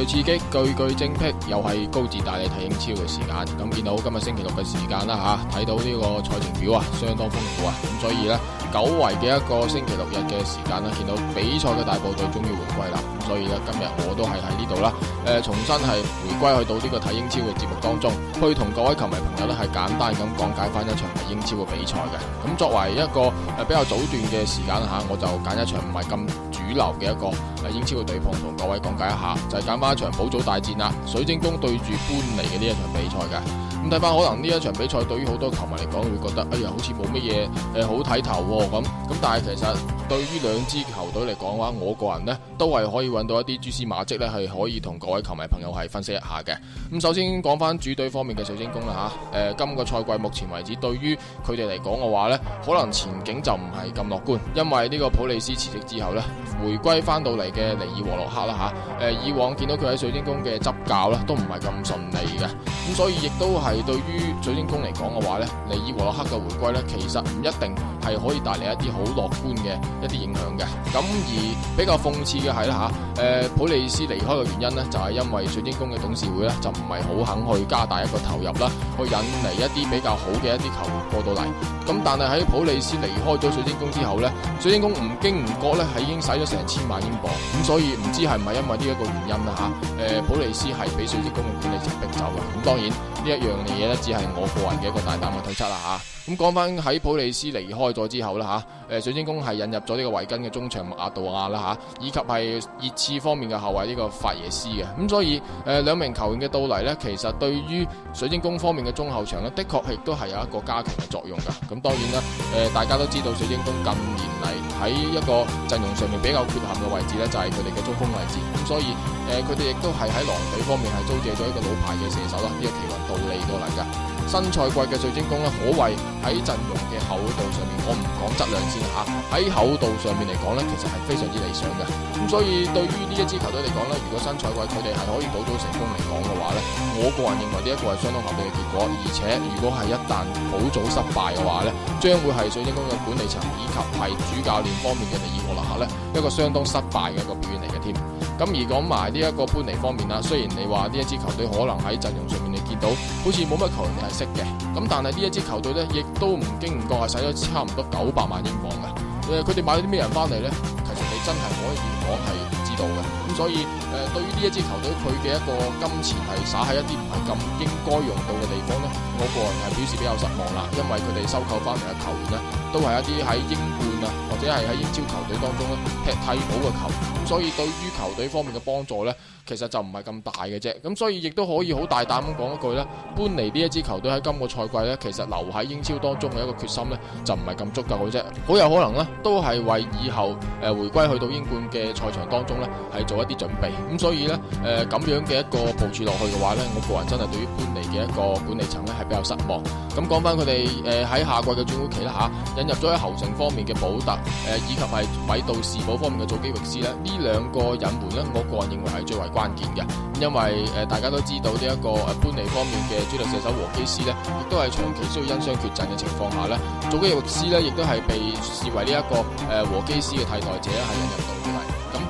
最刺激，句句精闢，又係高治帶你睇英超嘅時間。咁見到今日星期六嘅時間啦，吓、啊、睇到呢個賽程表啊，相當豐富啊。咁所以呢，久違嘅一個星期六日嘅時間呢，見到比賽嘅大部隊終於回歸啦。所以咧，今日我都係喺呢度啦，誒，重新係回歸去到呢個睇英超嘅節目當中，去同各位球迷朋友咧係簡單咁講解翻一場英超嘅比賽嘅。咁作為一個誒比較早段嘅時間吓，我就揀一場唔係咁主流嘅一個誒英超嘅地方，同各位講解一下，就係揀翻一場保組大戰啦，水晶宮對住般尼嘅呢一場比賽嘅。咁睇翻，可能呢一場比賽對於好多球迷嚟講，會覺得哎呀，好似冇乜嘢，誒、呃、好睇頭咁、哦。咁但係其實對於兩支球隊嚟講嘅話，我個人呢都係可以揾到一啲蛛絲馬跡呢係可以同各位球迷朋友係分析一下嘅。咁、嗯、首先講翻主隊方面嘅水晶宮啦吓，誒、啊呃、今個賽季目前為止，對於佢哋嚟講嘅話呢，可能前景就唔係咁樂觀，因為呢個普利斯辭職之後呢，回歸翻到嚟嘅尼爾和洛克啦吓，誒、啊啊、以往見到佢喺水晶宮嘅執教咧都唔係咁順利嘅，咁、啊、所以亦都係。係對於水晶宮嚟講嘅話咧，尼爾和洛克嘅回歸呢，其實唔一定係可以帶嚟一啲好樂觀嘅一啲影響嘅。咁而比較諷刺嘅係咧吓，誒普利斯離開嘅原因呢，就係因為水晶宮嘅董事會呢，就唔係好肯去加大一個投入啦，去引嚟一啲比較好嘅一啲球員過到嚟。咁但係喺普利斯離開咗水晶宮之後呢，水晶宮唔經唔覺呢，係已經使咗成千萬英鎊。咁所以唔知係唔係因為呢一個原因啦吓，誒普利斯係俾水晶宮嘅管理層逼走嘅。咁當然呢一樣。嘢咧，只係我個人嘅一個大膽嘅推測啦吓。啊咁講翻喺普利斯離開咗之後啦，吓，誒水晶宮係引入咗呢個維根嘅中場麥阿杜亞啦，吓，以及係熱刺方面嘅後衛呢個法耶斯嘅，咁所以誒、呃、兩名球員嘅到嚟呢，其實對於水晶宮方面嘅中後場呢，的確係都係有一個加強嘅作用噶。咁當然啦，誒、呃、大家都知道水晶宮近年嚟喺一個陣容上面比較缺陷嘅位置呢，就係佢哋嘅中鋒位置。咁、就是、所以誒佢哋亦都係喺狼隊方面係租借咗一個老牌嘅射手啦，呢、這個奇雲杜利過嚟噶。新賽季嘅水晶宮咧，可謂喺陣容嘅厚度上面，我唔講質量先吓，喺厚度上面嚟講咧，其實係非常之理想嘅。咁所以對於呢一支球隊嚟講咧，如果新賽季佢哋係可以保組成功嚟講嘅話咧，我個人認為呢一個係相當合理嘅結果。而且如果係一旦保組失敗嘅話咧，將會係水晶宮嘅管理層以及係主教練方面嘅履歷留下咧，一個相當失敗嘅一個表現嚟嘅添。咁而講埋呢一個般尼方面啦，雖然你話呢一支球隊可能喺陣容上面你見到好似冇乜球員你係識嘅，咁但係呢一支球隊咧，亦都唔經唔覺係使咗差唔多九百萬英鎊嘅。誒，佢哋買咗啲咩人翻嚟咧？其實你真係可以講係唔知道嘅。咁所以誒，對於呢一支球隊佢嘅一個金錢係灑喺一啲唔係咁應該用到嘅地方咧，我個人係表示比較失望啦。因為佢哋收購翻嚟嘅球員咧，都係一啲喺英冠啊，或者係喺英超球隊當中咧踢替補嘅球員。所以對於球隊方面嘅幫助呢，其實就唔係咁大嘅啫。咁所以亦都可以好大膽咁講一句呢，般尼呢一支球隊喺今個賽季呢，其實留喺英超當中嘅一個決心呢，就唔係咁足夠嘅啫。好有可能呢，都係為以後誒、呃、回歸去到英冠嘅賽場當中呢，係做一啲準備。咁所以呢，誒、呃、咁樣嘅一個部署落去嘅話呢，我個人真係對於般尼嘅一個管理層呢，係比較失望。咁講翻佢哋誒喺下季嘅轉會期啦吓、啊，引入咗喺侯城方面嘅保特，誒、呃、以及係米杜士堡方面嘅祖基域治呢。呢兩個隱瞞咧，我個人認為係最為關鍵嘅，因為誒、呃、大家都知道呢一、這個誒般尼方面嘅主力射手和基斯咧，亦都係長期需要因傷缺陣嘅情況下咧，祖嘅肉斯咧亦都係被視為呢、這、一個誒、呃、和基斯嘅替代者係引入到嚟咁，的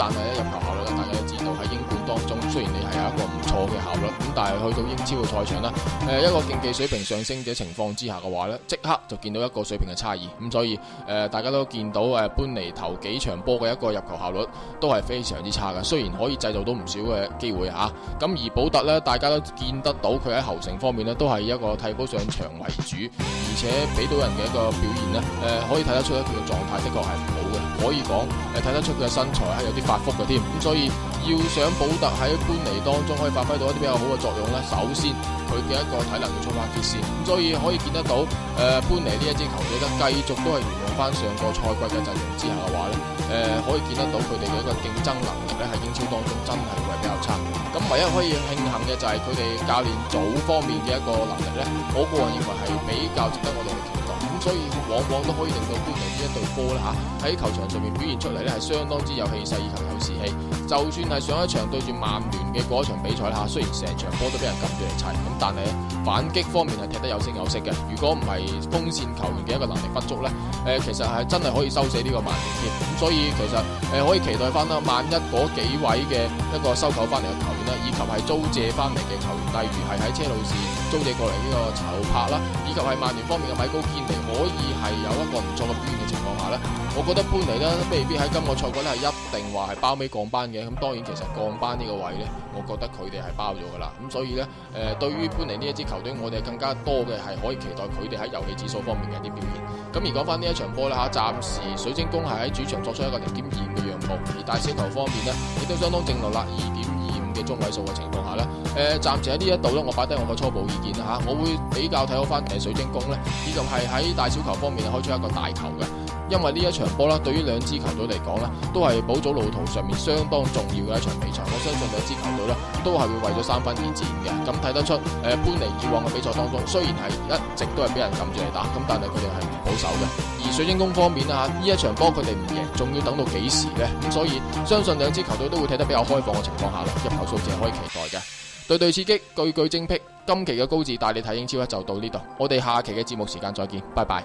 但係咧入球，大家都知道喺英冠當中，雖然你係有一個唔錯嘅效率，咁但係去到英超嘅賽場啦，誒、呃、一個競技水平上升嘅情況之下嘅話即刻就見到一個水平嘅差異，咁、嗯、所以誒、呃、大家都見到誒般尼頭幾場波嘅一個入球效率都係非常之差嘅，雖然可以製造到唔少嘅機會咁、啊、而保特呢大家都見得到佢喺後程方面呢都係一個替補上場為主，而且俾到人嘅一個表現誒、呃、可以睇得出咧佢嘅狀態的確係。可以講，誒睇得出佢嘅身材係有啲發福嘅添，咁所以要想保特喺般尼當中可以發揮到一啲比較好嘅作用咧，首先佢嘅一個體能要充翻啲先，咁所以可以見得到，誒般尼呢一支球隊咧，繼續都係沿用翻上個賽季嘅陣容之下嘅話咧，誒、呃、可以見得到佢哋嘅一個競爭能力咧喺英超當中真係會比較差，咁唯一可以慶幸嘅就係佢哋教練組方面嘅一個能力咧，我個人認為係比較值得我哋去期待。所以往往都可以令到般尼呢一支隊波啦嚇喺球場上面表現出嚟，咧，係相當之有氣勢，以及有士氣，就算係上一場對住曼聯嘅嗰一場比賽啦，雖然成場波都俾人撳住嚟踩，咁但係反擊方面係踢得有聲有色嘅。如果唔係鋒線球員嘅一個能力不足咧，誒其實係真係可以收死呢個曼聯添。咁所以其實誒可以期待翻啦。萬一嗰幾位嘅一個收購翻嚟嘅球員咧，以及係租借翻嚟嘅球員，例如係喺車路士租借過嚟呢個查路柏啦，以及係曼聯方面嘅米高堅尼。可以係有一個唔錯嘅表現嘅情況下呢，我覺得般尼呢未必喺今個賽季呢係一定話係包尾降班嘅。咁當然其實降班呢個位置呢，我覺得佢哋係包咗噶啦。咁所以呢，誒、呃、對於般尼呢一支球隊，我哋更加多嘅係可以期待佢哋喺遊戲指數方面嘅一啲表現。咁而講翻呢一場波呢，嚇，暫時水晶宮係喺主場作出一個零點二五嘅讓步，而大小球方面呢，亦都相當正路啦二點。2. 2. 中位數嘅情況下咧，誒暫時喺呢一度咧，我擺低我個初步意見啦嚇，我會比較睇好翻誒水晶宮咧，以及係喺大小球方面開出一個大球嘅。因為呢一場波啦，對於兩支球隊嚟講呢都係保祖路途上面相當重要嘅一場比賽。我相信兩支球隊呢都係會為咗三分而戰嘅。咁睇得出，誒，般尼以往嘅比賽當中，雖然係一直都係俾人撳住嚟打，咁但係佢哋係唔保守嘅。而水晶宮方面啊，呢一場波佢哋唔贏，仲要等到幾時呢？咁所以相信兩支球隊都會睇得比較開放嘅情況下啦，入球數字係可以期待嘅。對對刺激，句句精闢。今期嘅高治帶你睇英超呢就到呢度。我哋下期嘅節目時間再見，拜拜。